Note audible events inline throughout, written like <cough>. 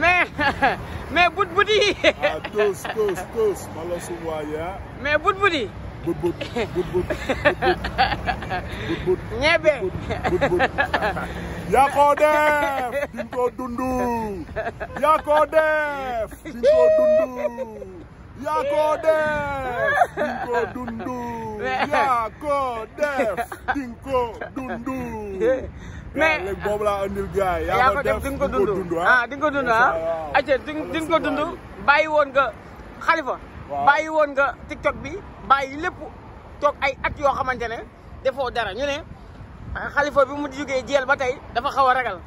mais <laughs> mais but buti. ah tous tous tous mala suwaya. mais but buti. but but but but but but. ñebe but but. yaa ko def di dundu yaa ko def di dundu yaa ko def dundu yaa def dundu. mais léegi boobu laa andil gars yi. yaa ko def di nga ko dund ah di nga ko dund di di bàyyi woon nga xalifa. waaw bàyyi woon nga tiktok bi bàyyi lépp toog ay at yoo xamante ne defoo dara ñu ne xalifa bi mu jugee jeel ba tey dafa xaw a ragal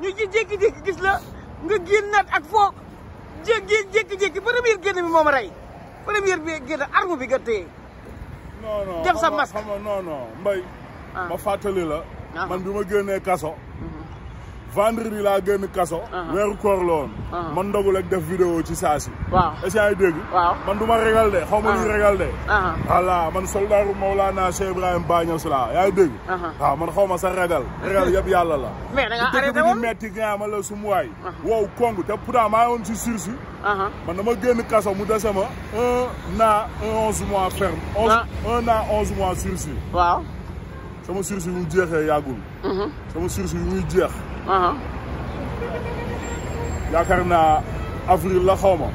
ñu ji jékki-jékki gis la nga génnaat ak foo jékki-jékki première génn bi moom rey première génn arme bi nga téye. def sa masque mbay. Ah. ma fàttali la. Ah. man bi ma génnee kaso. Mhm. vendredi laa génn kaso. Ah. weeru koor la woon. Ah. man ndogul ak def vidéo ci saa si. waaw est man du ma régal de xaw ma lu ñu de. voilà man soldaaru Mawlana Cheikh Ibrahim Baños laa yaa ngi dégg. waaw man xaw ma sax ragal. ragal yëpp yàlla la. <laughs> mais da nga arrêté woon metti ma la sumu waay. wow kong te pourtant maa ngi woon ci sursis. man dama génn kaso mu dese ma un an onze mois ferme. un an onze mois sursis. sama sursis bu jeexee yàggul. Mhm. sama sursis yi muy jeex. yaakaar naa. avril la xaw ma.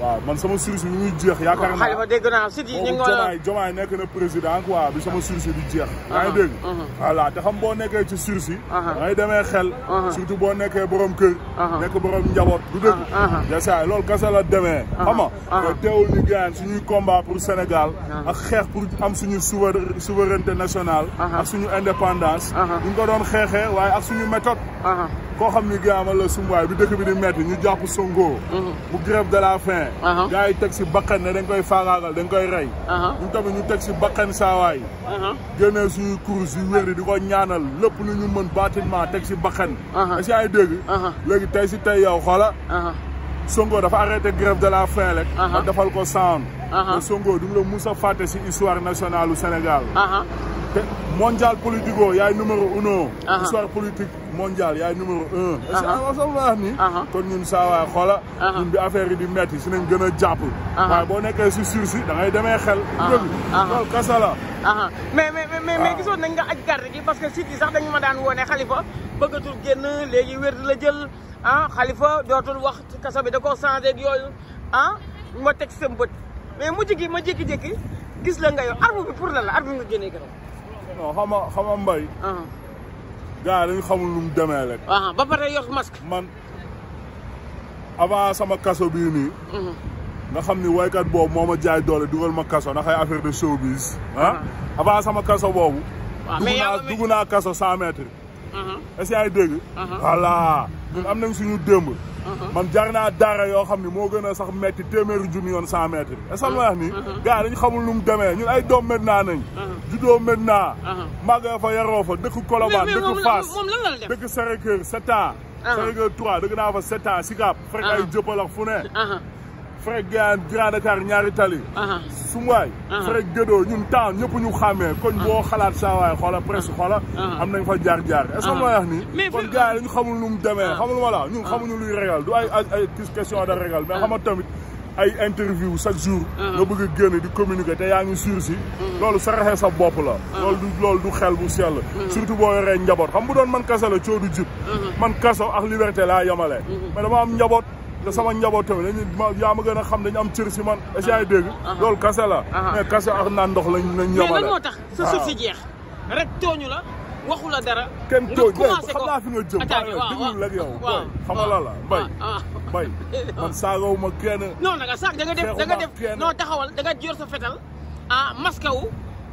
waaw man sama sursis mi ngi jeex yaakaar naa. xalifa dégg naa si ñu ngi jomaay jomaay nekk na président quoi bi sama sursis di jeex. yaa dégg. Mhm. voilà te xam boo nekkee ci sursis. da ngay demee xel. surtout boo nekkee borom kër. nekk borom njaboot du dëgg. yasaay loolu kese la demee. xam nga te teewul ñu gaañ suñuy combat pour Sénégal. ak xeex pour am suñu souver souveraineté nationale. ak suñu indépendance. ñu ko doon xeexee waaye ak suñu méthode. koo xam ni gaamal la sumbaay bi dëkk bi di metti ñu jàpp Sonko mhm. mu grève de la faim uh-huh. gars yi teg si bakkan ne dañ koy faagaagal dañ koy rey uh-huh. ñun tamit ñu teg si bakkan saawaay uh-huh. génnee suñu course yu wér di ko ñaanal lépp lu ñu mën bâtiment teg si bakkan si ay dégg léegi tey si tey yow xoola Sonko dafa arrêté grève de la faim rek ak dafal ko sound te uh-huh. Sonko du la mus a fàtte si histoire nationale u Sénégal uh-huh. te mondial politico yaay numéro uno uh-huh. histoire politique mondial yaay numéro un asalaax ni kon ñun saawaay xoola ñun bi affaire yi di metti si nañ gën a jàpp waaye boo nekkee si sursis da ngay demee xel dëgg loolu kasa mais mais mais mais ah. gisoon nañ nga aj garde gi parce que si yi sax dañu ma daan woone xalifa bëggatul génn léegi wér di la jël ah xalifa dootul wax kasa bi da ko changé ak yooyu ah ma teg sa mais mujj gi ma jékki-jékki gis la nga yor bi pour la la arme nga génnee gërëm. non xama xama mbay. Uh-huh. gars yi xamul lu mu demee rek. Uh-huh. ba pare yor masque. man avant sama kaso bii nii. Uh-huh. nga xam ni waykat boobu moo ma jaay doole dugal ma kaso ndax ay affaire de showbiz. ah avant sama kaso boobu. waaw mais kaso 100 mètres. est-ce que yaa ñun am nañ suñu démb. Uh-huh. man jaar naa daara yoo xam ne moo gën a sax metti téeméeri jun yoon cent mètres. est-ce que wax ni. Uh-huh. Uh-huh. xamul nu mu demee ñu ay doom Medina nañ. juddoo Medina. màggee fa yaroo fa dëkk Colobane dëkk Fass dëkk Sacré-Cœur sept trois dëkk naa fa sept ans Sicap. fekk ay jëppalax fu ne. frère Grand Dakar ñaari tali. Sumbaay. frère Gédoo ñun temps ñëpp ñu xamee koñ boo xalaat saa waay xoola presque xoola. am nañ fa jaar jaar est-ce que ma wax nii. kon gars xamul nu mu demee xamul wala ñun xamuñu luy régal du ay ay question de régal mais xama tamit. ay interview chaque jour. nga bëgg a génn di communiquer te yaa ngi suur loolu saraxee sa bopp la. loolu du loolu du xel bu sell. surtout boo yoree njaboot xam bu doon man kaso la coodu jub. man kaso ak liberté laa yemale. mais dama am njaboot. ne sama njaboot tamit dañuy ma yaa ma gën a xam dañu am cër si man. est-ce que yaay dégg. loolu kase la. mais kase ndox la lañ. ñamale mais moo tax sa suuf si jeex rek tooñu la. waxu la dara. kenn tooñ xam naa fi nga jëm. waaw ak yow. waaw xam nga la mbay. mbay ah, ah. man saagaw ma kenn. non nag saag da nga def da nga def non taxawal da nga jor sa fetal ah maskaw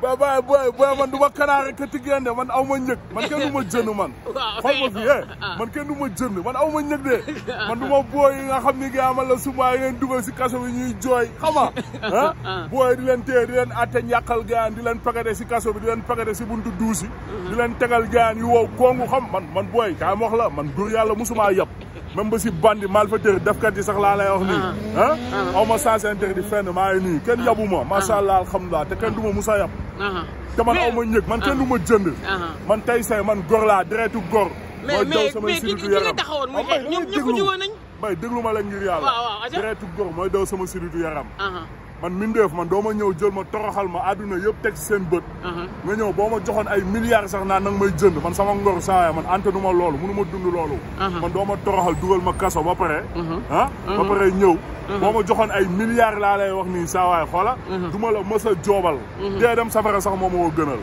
ba ba ba man du ma kanaar rek te gende man aw ma ñëg man kenn du ma jënd man. xool <laughs> fi eh man kenn du ma jënd man aw ma ñëg de <laughs> man du ma booy yi nga xam ni gars man la souvent ngeen dugal si kaso bi ñuy jooy xam nga <laughs> eh? ah. booy di leen téye di leen atte ñàkkal gaan di leen pagate si kaso bi di leen pagate si buntu duusi. di mm-hmm. leen tegal gaan yu wow kongu xam man man booy kaay ma wax la man dur yàlla musuma yab. même ba si bandi malfaiteur defkat yi sax laa lay wax nii ah, ah? ah. aw ma sens interdit fenn maa ngi nii kenn yabu ma ah. macha allah alhamdulilah te kenn du ma musa yab te man aw ma ñëg man kenn du ma jënd man tey say man gor laa deretu gor moo daw sama siritu yaram may déglu ma la ngir yàlla deretu gor mooy daw sama siritu yaram man Mbindeef man doo ma ñëw jël ma toroxal ma àdduna yëpp teg seen bët. ma uh-huh. ñëw boo ma joxoon ay milliards sax na nag may jënd man sama ngor saa waay man antanu ma loolu mënu ma dund loolu. Uh-huh. man dooma ma toroxal dugal ma kaso ba pare. Uh-huh. ah ba pare ñëw. boo ma joxoon ay milliards laa lay wax ni saa waay xoola. du ma la mës a joobal. dem safara sax moom moo gënal.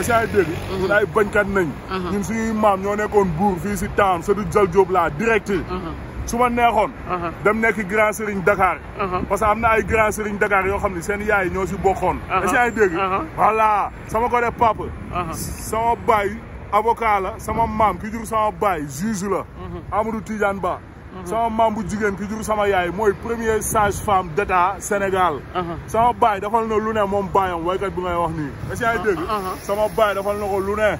est-ce que ay dégg. ay bañkat nañ. ñun suñuy maam ñoo nekkoon buur fii si town Seydou Dial Diop laa direct. su ma neexoon. Uh-huh. dem nekk grand sëriñ Dakar. Uh-huh. parce que am na ay grand sëriñ Dakar yoo xam ne seen yaay ñoo si bokkoon. da si ay dégg. Uh-huh. sama ko def papa. sama baay avocat sama maam ki jur sama baay juge la. Amadou Tidiane Ba. sama maam bu ki sama yaay premier sage femme d'État, Sénégal. Uh-huh. sama du dafal na lu ne première way kat bi ngay wax ni est-ce que uh-huh. Uh-huh. sama baye dafal nako lu ne.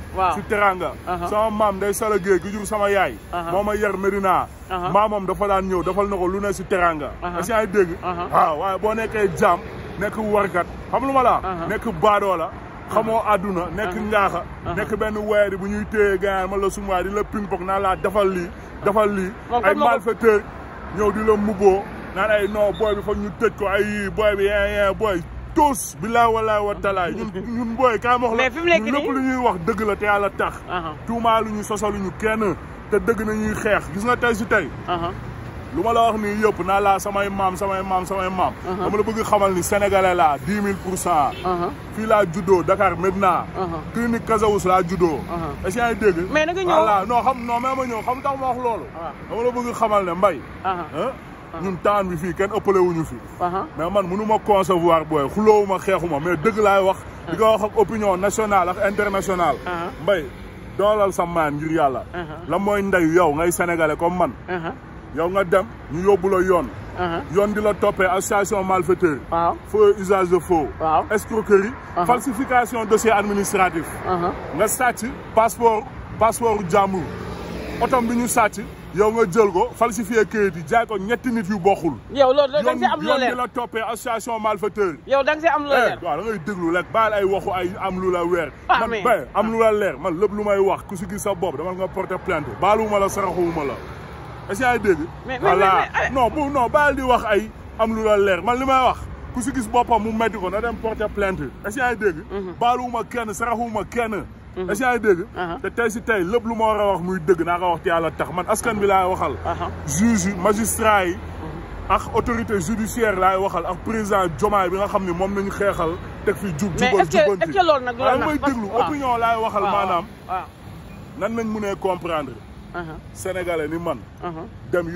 teranga. sama day sama yaay. ma yar dafa daan ñew dafal nako lu ne si teranga. est que waaye la. la. xamoo àdduna nekk ngaaxa nekk benn weeri bu ñuy téye ganaar man la sumuwaay di la ping pong naan laa dafal lii defal lii ay malfaiteur ñëw di la muboo naan ay non booy bi foog ñu tëj ko ay yii booy bi yee eh, eh, yee booy tous bi laa walaa wa talaay ñun ñun booy kaa wax la ñun lu ñuy wax dëgg la te yàlla tax tuumaa lu ñu sosaluñu kenn te dëgg nañuy xeex gis nga tey si tey lu ma la wax nii yëpp samay maam samay maam samay maam. Uh-huh. dama la bëgg xamal ni sénégalais dix mille pour cent. Uh-huh. Dakar Medina. Uh-huh. clinique judo. est-ce que mais ñëw non ma ñëw xam ma wax dama la bëgg xamal ne mbay. Hein? ñun wuñu fi. mais man concevoir mais wax. wax opinion nationale ak internationale. mbay doolal sa maan ngir la yow sénégalais comme yow nga dem ñu yóbbu yoon. Uh-huh. yoon di la topé association malfaiteur. faux usage de faux. escroquerie. Uh-huh. falsification dossier administratif. Uh-huh. nga sàcc passeport passeport jàmbur. otom bi ñu sàcc yow nga jël ko falsifié kayit di jaay ko ñetti nit yu bokul yow lo da nga am lo la association malfaiteur. yow da nga am lo leer eh, da déglu rek baal ay waxu ay am lu la ah, man mal am ah. lu la leer man lepp lu may wax ku sa dama nga porter plainte la est-ce que yaa dégg voilà non bu baal di wax ay am lu la leer man li may wax ku si gis boppam mu metti ko na dem porter plainte est-ce que yaa dégg mhm. baaluwuma kenn saraxuma kenn mhm. est-ce que yaa uh-huh. te tey si tey lépp lu ma war a wax muy dëgg naa ko wax te yàlla tax man askan bi laay waxal uh-huh. juge magistrat yi uh-huh. ak autorité judiciaire laay waxal ak président Diomaye bi nga xam ne moom nañu xeexal teg fi jub jubal jubanti mais est-ce que loolu nag loolu nag may déglu opinion laay waxal maanaam nan nañ mënee comprendre Uh-huh. sénégalais ni man. Uh-huh. dem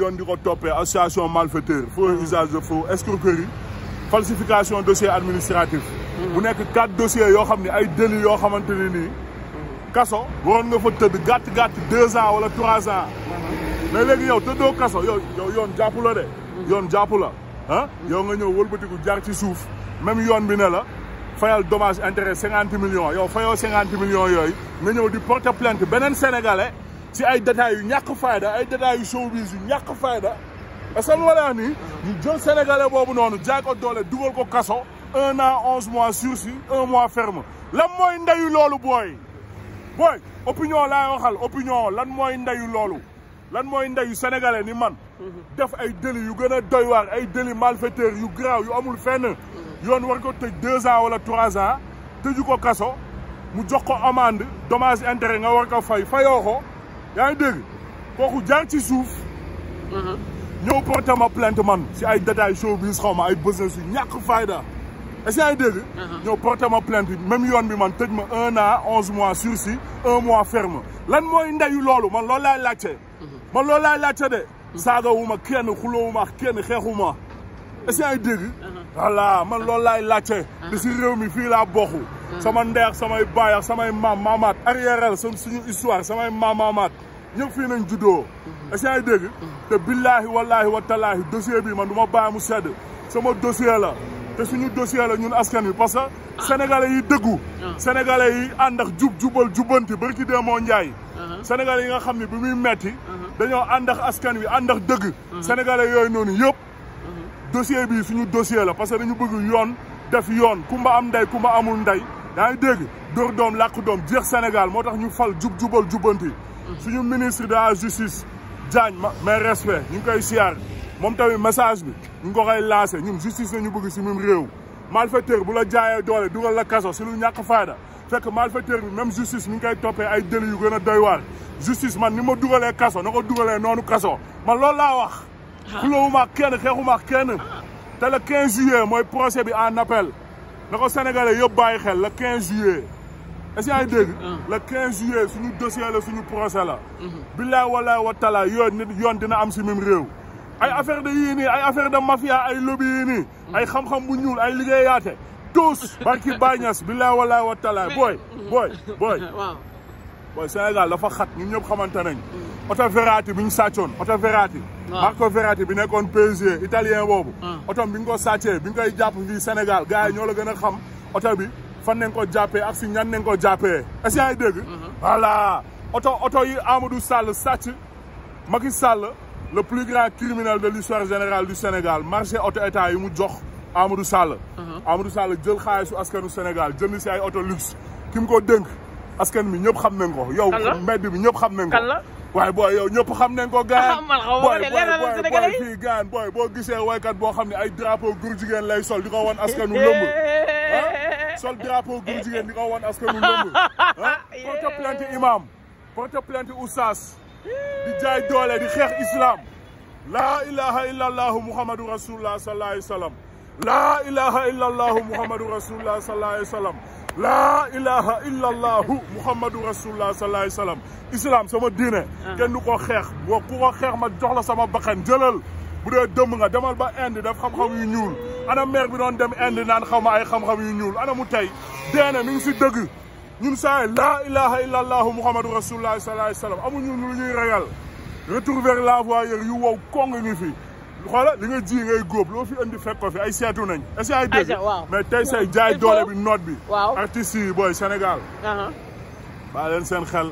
association malfaiteur. faux uh-huh. usage de faux escroquerie. falsification dossier administratif. bu que quatre dossiers yo xamni ay délits yo ne kasso nga fa deux ans wala trois ans. mais léegi yow tëddoo vous yow des yoon la de. la ah? nga ñew wolbeutiku jaar ci souf même yone bi fayal dommage intérêt 50 millions yow fayo 50 millions yoy nga ñew di porter plainte benen sénégalais si ay détails yu ñàkk fayda ay détails yu showbiz yu ñàkk fayda parce lu ma la ñu jël sénégalais boobu noonu jaay doole dugal ko kaso un an onze mois sursis un mois ferme lan mooy ndeyu loolu booy booy opinion laay waxal opinion lan mooy ndeyu loolu lan mooy ndeyu sénégalais ni man mhm. def ay délit yu gën a doy ay délit malfaiteur yu graaw yu amul fenn mhm. yoon war ko tëj deux ans wala trois ans tëju ko kaso mu jox ko amende dommage intérêt nga war ko fay fayoo ko yaa ngi dégg kooku jaar ci suuf. Mhm. ñëw porté ma plainte man si ay détails showbiz xaw ma ay business yu ñàkk fayda est-ce que dégg. Mhm. ñëw porté ma plainte même yoon bi man tëj ma un an onze mois sursis un mois ferme lan mooy ndeyu loolu man loolu laay laajte. Mhm. man loolu laay de. saaga wu ma kenn xuloo wu ma kenn xeexu ma est ce que dégg. Uh-huh. voilà man loolu laajte. di uh-huh. si réew mi fii laa bokku uh-huh. sama ndeex samay baay samay maam maamaat arrière suñu histoire samay maam maamaat ñëpp fii nañ juddoo. est ce que dégg. te billaahi wallaahi watalaahi dossier bi man du ma bàyyi mu sedd sama dossier la. te suñu dossier ñun askan wi parce que ah. sénégalais yi dëggu. Ah. sénégalais yi ànd ak jub jubal jubbanti bari ci dee moo njaay. sénégalais yi nga xam ne bi muy metti dañoo ànd ak askan wi ànd ak dëgg. sénégalais yooyu noonu dossier bii suñu dossier la parce que dañu bëgg yoon def yoon kumba am ndey kumba amul ndey yaa ngi dégg dóor doom làkk doom jeex Sénégal moo tax ñu fal jub jubal jubbanti suñu ministre de la justice Diagne ma mais respect ñu ngi koy siyaar moom tamit message bi ñu ngi ko koy lancé ñun justice la ñu bëgg si même réew malfaiteur bu la jaayee doole dugal la kaso si lu ñàkk fayda fekk malfaiteur bi même justice ñu ngi koy toppee ay délit yu gën a doy waar justice man ni ma dugalee kaso na ko dugalee noonu kaso xulóowuma kenn xeexuma kenn te le 15 juillet mooy procès bi en appel na ko sénégalais yëpp bàyyi xel le 15 juillet. est-ce que yaa ngi ah. le 15 juillet suñu dossier la suñu procès la. Mm-hmm. billaay walaay wa tala yoon nit dina am si même réew. ay affaire de yini, nii ay affaire de mafia ay lobby yii nii. Mm-hmm. ay xam-xam bu ñuul ay liggéeyaate. tous barki Baay Ñas billaay walaay boy, boy. booy booy <laughs> waaye Sénégal dafa xat ñun ñëpp xamante nañ oto Verratti bi ñu sàccoon oto Verratti Marco Verratti bi nekkoon PSG italien boobu ah. otom bi nga ko sàccee bi nga koy jàpp fii Sénégal gars yi ñoo la gën a xam oto bi fan nañ ko jàppee ak si ñan nañ ko uh-huh. voilà yi Amadou Sall sàcc Macky le plus grand criminel de l'histoire générale du Sénégal marché oto état yi mu jox Amadou Sall uh-huh. Amadou Sall jël xaalisu askanu Sénégal jënd si ay oto luxe ki ko askan bi ñëpp xam nañ ko. yow mbedd bi ñëpp xam nañ ko. waaye booy yow ñëpp xam nañ ko gaan ah, booy booy booy fii gaan booy boo gisee waykat boo xam ne ay drapeau góor jigéen lay sol di ko wan askanu eh, lëmb eh, ah? eh, sol drapeau góor jigéen di ko wan askanu <laughs> lëmb ah? porte plainte imam porte plainte oustaz di jaay doole di xeex islam laa ilaha illa allahu muhammadu rasulullah sallallahu alayhi wa sallam laa ilaha illa allahu muhammadu rasulullah sallallahu alayhi wa sallam laa ilaha illa allahu muhammadu rasulullah sallallahu alayhi wasallam islam sama diine ah. kenn du ko xeex boo ku ko xeex ma jox la sama bakkan jëlal bu dee dëmm nga demal ba inde daf xam-xam yu ñuul ana maire bi doon dem inde naan xaw ma ay xam-xam yu ñuul ana mu tey deene mi ngi si dëgg ñun saay laa ilaha illa allahu muhammadu rasulullah sallallahu alayhi wasallam amuñu lu ñuy ragal retour vers la yu wow kong ngi fi xoola li nga ji ngay góob loo fi indi fekk fi ay seetu nañ est-ce ay dégg mais tey say jaay doole bi noot bi artistes yi booy Sénégal uh-huh. baa leen seen xel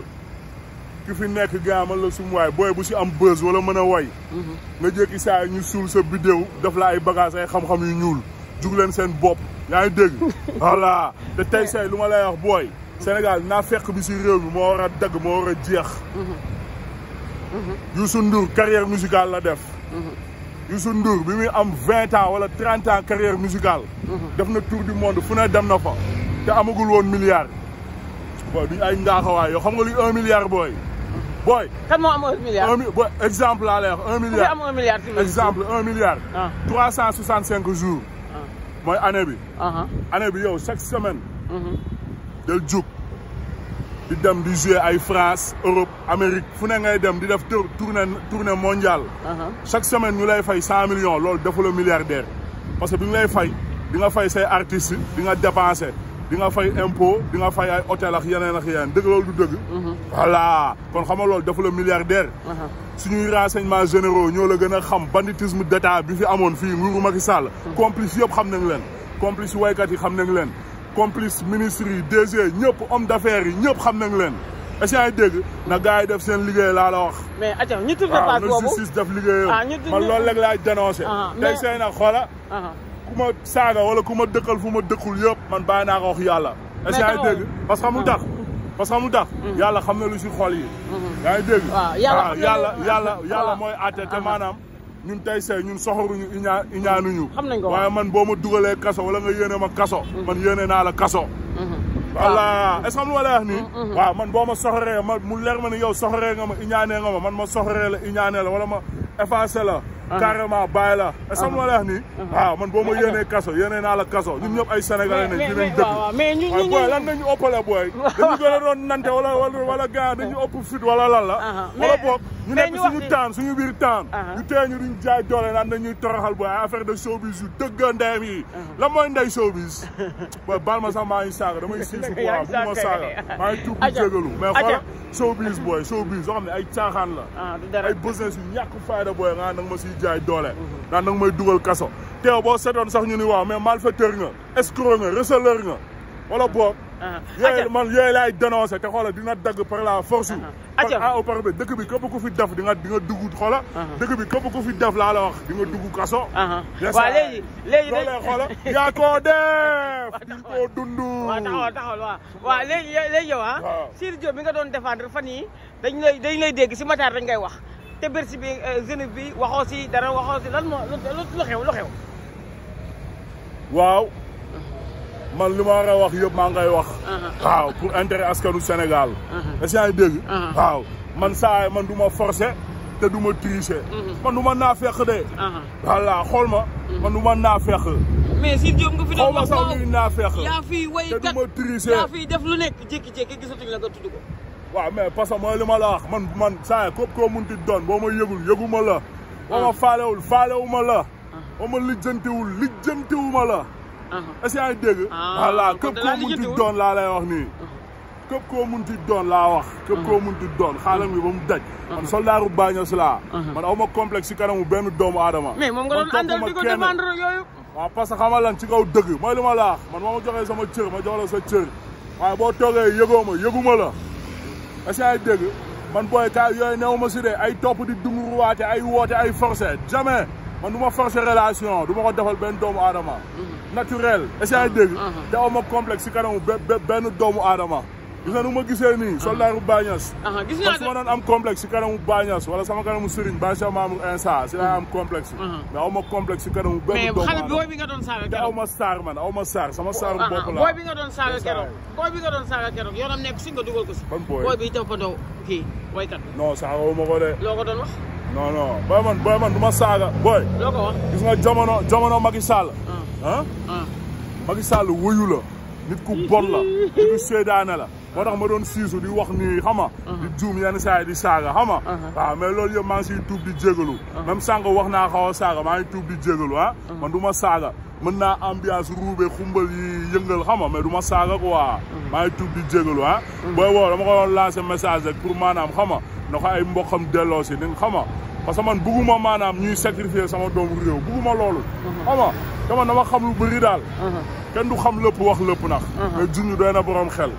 ki fi nekk gaamal la sumu booy bu si am bës wala mën a woy mm-hmm. nga jékki saa ñu suul sa bidéw daf la ay bagage ay xam-xam yu ñuul jug leen seen bopp yaa ngi dégg <laughs> voilà te tey say lu ma lay wax booy Sénégal naa fekk bi si réew mi moo war a dagg moo war a jeex mm-hmm. Mm-hmm. Youssou Ndour carrière musicale la def Youssou Ndour bi muy am vingt ans wala trente ans carrière musicale mhm. def na tour du monde fu ne dem na fa te amagul woon milliard booy duñu ay njaaxawaay yoo xam nga luy un milliard booy booy kan moo am un milliard booy exemple laa un milliard am un milliard un milliard trois cent soixante cinq jours ah. mooy année bi ah, ah. année bi yow chaque semaine mhm. del jub di dem di jouer ay France Europe Amérique fu ne ngay dem di def tournée tournée mondial. chaque semaine ñu lay fay 100 millions loolu defu la milliardaire. parce que bi ñu lay fay di nga fay say artistes di nga dépenser di nga fay impôt di nga fay ay hôtel ak yeneen ak yeneen dëgg loolu du dëgg. Mhm. voilà kon xam nga loolu defu la milliardaire. suñuy renseignement généraux ñoo la gën a xam banditisme d'état bi fi amoon fii nguuru Macky Sall. Mhm. complice yëpp xam nañ leen complice waykat yi xam nañ leen. complice ministre yi DG ñëpp homme d'affaires yi ñëpp xam nañ leen. est na gars yi def seen liggéey laa la wax. mais atiwa ñu tudd paas boobu waaw justice def liggéeyam. Ah, man ah, ah. saaga wala ku ma dëkkal fu ma dëkkul yëpp man bàyyi naa ko wax yàlla. mais est-ce que dégg parce que xamul parce que xamul mm-hmm. yàlla xam na lu si xol yi. Mm-hmm. yaa ngi dégg. waaw yàlla yàlla yàlla <laughs> mooy àtte te maanaam. ñun tey say ñun soxoruñu iñaa iñaanuñu waaye man boo ma dugalee kaso wala nga yéene ma kaso mm-hmm. man yéene naa la kaso mm-hmm. voilà est-ce que xam mm-hmm. man boo ma soxoree ma mu leer ma yow soxoree nga ma iñaanee nga ma man ma soxoree la iñaanee la wala ma effacé la carrément bàyyi la est-ce que ma lay wax nii waaw ah, man boo ma yéenee kaso yéenee naa la kaso ñun ñëpp ay sénégalais nañ dinañ dëkk waaye ah, booy lan nañu ëppale booy <laughs> dañu gën a doon nante wala wala gars dañu ëpp fit wala lan la wala boog ñu nekk suñu taan suñu biir taan ñu tee ñu duñ jaay doole naan dañuy toroxal booy ay affaire de showbiz yu dëgg ndeyam yi la mooy ndey showbiz <laughs> booy baal ma sax maa ngi saaga damay siisu booy bu <laughs> ma saaga maa ngi tuub jégalu mais xoolal showbiz booy showbiz yoo xam ne ay caaxaan la ah, ay business yu ñàkk fayda booy nga nag ma si jaay doole naan nag may dugal kaso teew boo seetoon sax ñu ni waaw mais malfaiteur nga escroc nga receleur nga wala boog uh-huh. yooyu man yooyu laay dénoncé te xoola dina dagg par la force uh-huh. par A ou par B dëkk bi képp ku fi def di nga di nga dugg xoola uh-huh. dëkk bi képp ku fi def laa la wax di nga dugg kaso waaw léegi léegi loolee xoola yaa koo def di nga koo dund waaw taxawal taxawal waaw waaw léegi léegi bi ah. nga doon défendre fan yi dañ lay dañ lay dégg si Matar dañ ngay wax te Bercy bi euh, Zenith bi waxoo si dara waxoo si moo lu xew lu waaw. man lu ma war a wax yëpp maa ngay wax. Uh-huh. waaw pour intérêt askanu Sénégal. Uh-huh. est-ce que yaa uh-huh. waaw man saa man du ma forcer te du ma tricher. man du ma naafeq de. voilà xool ma. man du ma naafeq. mais si Diop nga fi doon wax xaw ma sax yaa fiy way te du ma tricher yaa fiy def lu nekk jékki-jékki gisatuñu la nga tudd waaw mais parce que mooy li ma la wax man man saa képp koo munti doon boo ma yëgul yëguma la. boo ma ah. faalewul faalewuma la. Ah. boo ma lijjantiwul lijjantiwuma la. Ah. est-ce que yaa ngi dégg. voilà képp koo munti doon laa lay wax nii. képp koo munti doon laa wax. képp koo munti doon xaalam bi ba mu daj. man soldaaru baaños laa. man aw ma complexe si kanamu benn doomu aadama. mais moom nga doon àndal di ko demande yooyu. waaw parce que xamal lan ci kaw dëgg mooy li ma la man moo ma joxee sama cër ma jox sa cër boo toogee yëgoo yëguma la parce que ay dégg man booy ka yooyu néew ma si de ay topp di dumuruwaate ay woote ay forcé jamais man du ma forcé relation du ko defal benn doomu aadama mhm. naturel est-ce que ay dégg te mhm. aw ma complexe si kanamu benn doomu aadama gis nga nu ma gisee nii ah. soldaaru Bañas ah, gis naa su ma doon am complexe si kanamu Bañas wala sama kanamu Serigne ba sa maamu insta si laa am complexe ah. mais aw ma complexe si kanamu benn doomu mais booy bi nga doon saaga keroog aw ma saar man aw ma saar sama saaru bopp la booy bi nga doon saaga keroog booy bi nga doon saaga keroog yoonam nekk si nga dugal ko si ban booy booy bi toppandoo kii waykat non saaga wu ma ko de loo ko doon wax non non booy man booy man du ma saaga booy loo ko wax gis nga jamono jamono Macky Sall ah Macky Sall wuyu la nit ku bon la nit ku séedaane la moo tax ma doon siisu di wax nii xama uh-huh. di juum yenn saa yi di saaga xama uh-huh. waaw mais loolu yëpp maa ngi siy tuub di jégalu uh-huh. même sànq wax naa xaw a saaga maa tuub di jégalu ah ma du ma saaga mën naa ambiance ruube xumbal yi yëngal xama mais du ma saaga quoi maa ngi tuub di jégalu ah booy woo dama ko doon lancer message rek pour maanaam xama na ko ay mboqam delloo si xama parce que man bugguma maanaam ñuy sacrifier sama doomu réew bugguma loolu uh-huh. ama dama dama xam lu bëri daal uh-huh. kenn du xam lépp wax lépp nax uh-huh. mais junñu doy na borom xel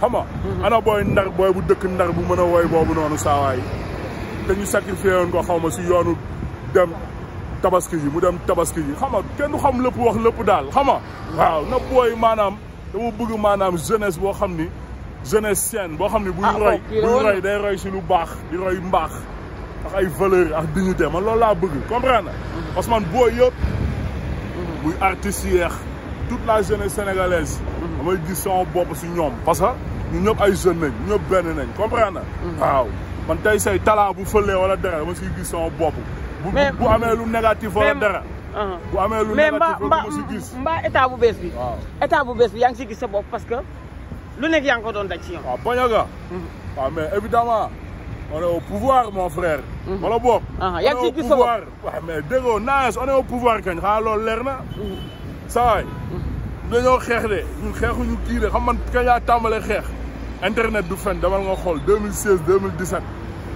xama ana booy ndar booy bu dëkk ndar bu mën a woy boobu noonu saawaay te ñu sacrifier woon ko ma si yoonu dem tabaski mu dem tabaski yi xama kenn du xam lépp wax lépp daal xama waaw na booy maanaam dama bëgg maanaam jeunesse boo xam ni jeunesse saine boo xam ni bu ah, roy buy roy day roy si lu baax di roy mbaax ay valeur ak dignité man lool la bëgg comprendre na Ousmane mhm. Boy yëpp mhm. muy un toute la jeunesse sénégalaise mhm. ñoom parce que ay jeunes nañ comprendre waaw man say talent bu wala dara bu lu négatif wala dara uh-huh. bu lu négatif état bu bi état bu bi ngi si sa parce que lu ngi ko daj évidemment on est au pouvoir mon frère. Mhm. wala boog. Ah, yaa ngi au pouvoir mais on est au pouvoir quand? xaaral loolu leer na. sawaay mhm. mhm. dañoo xeex de ñun xeexuñu kii de xam man kañ laa tàmbalee internet du fen damal nga 2016 2017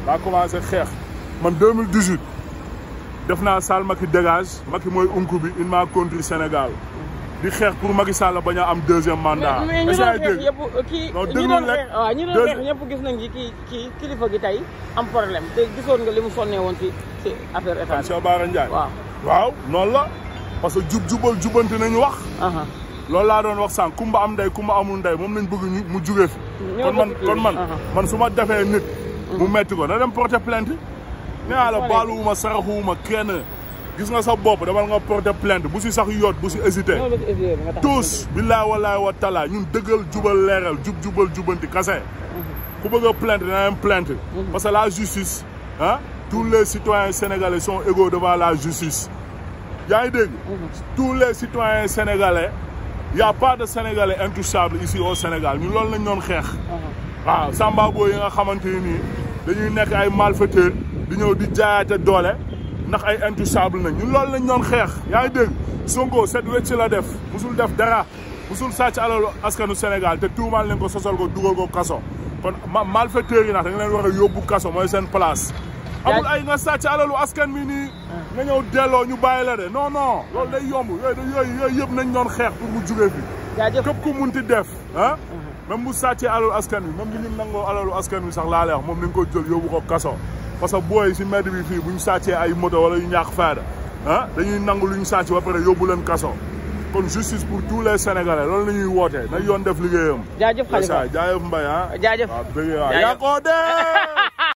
laa commencé xeex man 2018 def naa salle qui dégage maki suis unku bi une m'a contre Sénégal. di xeex pour Macky Sall bañ a am deuxième mandat. mais ñu doon xeex yëpp kii ñu doon xeex ñu doon xeex ñëpp gis nañ ci kii kii kilifa tey am problème te nga li mu sonnee woon ci ci affaire état bi. Cheikh Bara Ndiaye waaw. waaw noonu la parce que jub jubal jubante nañu wax. Uh-huh. loolu laa doon wax sànq kumba am ndey kumba amul ndey moom lañ bëgg ñu mu jugee fi. kon man kon uh-huh. man man su ma defee nit. mu uh-huh. metti ko na dem porter plainte. nee naa la baaluwuma saraxuwuma kenn. gis sa nga porter plainte bu si sax bu si hésité tous billaay walaay wa tala ñun dëggal jubal leeral jub jubal mhm. plainte plainte mhm. parce que la justice hein, tous les citoyens sénégalais sont égaux devant la justice mhm. tous les citoyens sénégalais il y a pas de sénégalais intouchable ici au Sénégal ñu loolu lañ doon xeex samba nga ni dañuy nekk ay malfaiteurs di ñëw di ndax ay intouchable na ñun loolu lañ doon xeex yaa ngi dégg set wecc la def musul def dara musul sàcc alalu askanu Sénégal te tuumaal nañ ko sosal ko dugal kaso kon malfaiteurs yi nag da nga leen war a kaso mooy seen place amul ay nga sàcc alalu askan wi ni ah. nga ñëw delloo ñu bàyyi la de lool non day yomb yooyu yooyu yooyu yëpp nañ doon xeex pour mu jugee fi képp ku munti def ah, ah. me bu sàccee alalu askan wi même bu ñu nangoo alalu askan wi sax laa lay wax moom nañ ko jël yóbbu ko kaso parce que booy si mbedd bi fii bu ñu sàccee ay moto wala yu ñaax faada ah dañuy nangu lu ñu sàcc ba pare yóbbu leen kaso kon justice pour tous les sénégalais loolu la ñuy woote na yoon def liggéeyam. jaajëf Khalifa jaajëf Mbaye ah. jaajëf waaw bëgg yaa <laughs>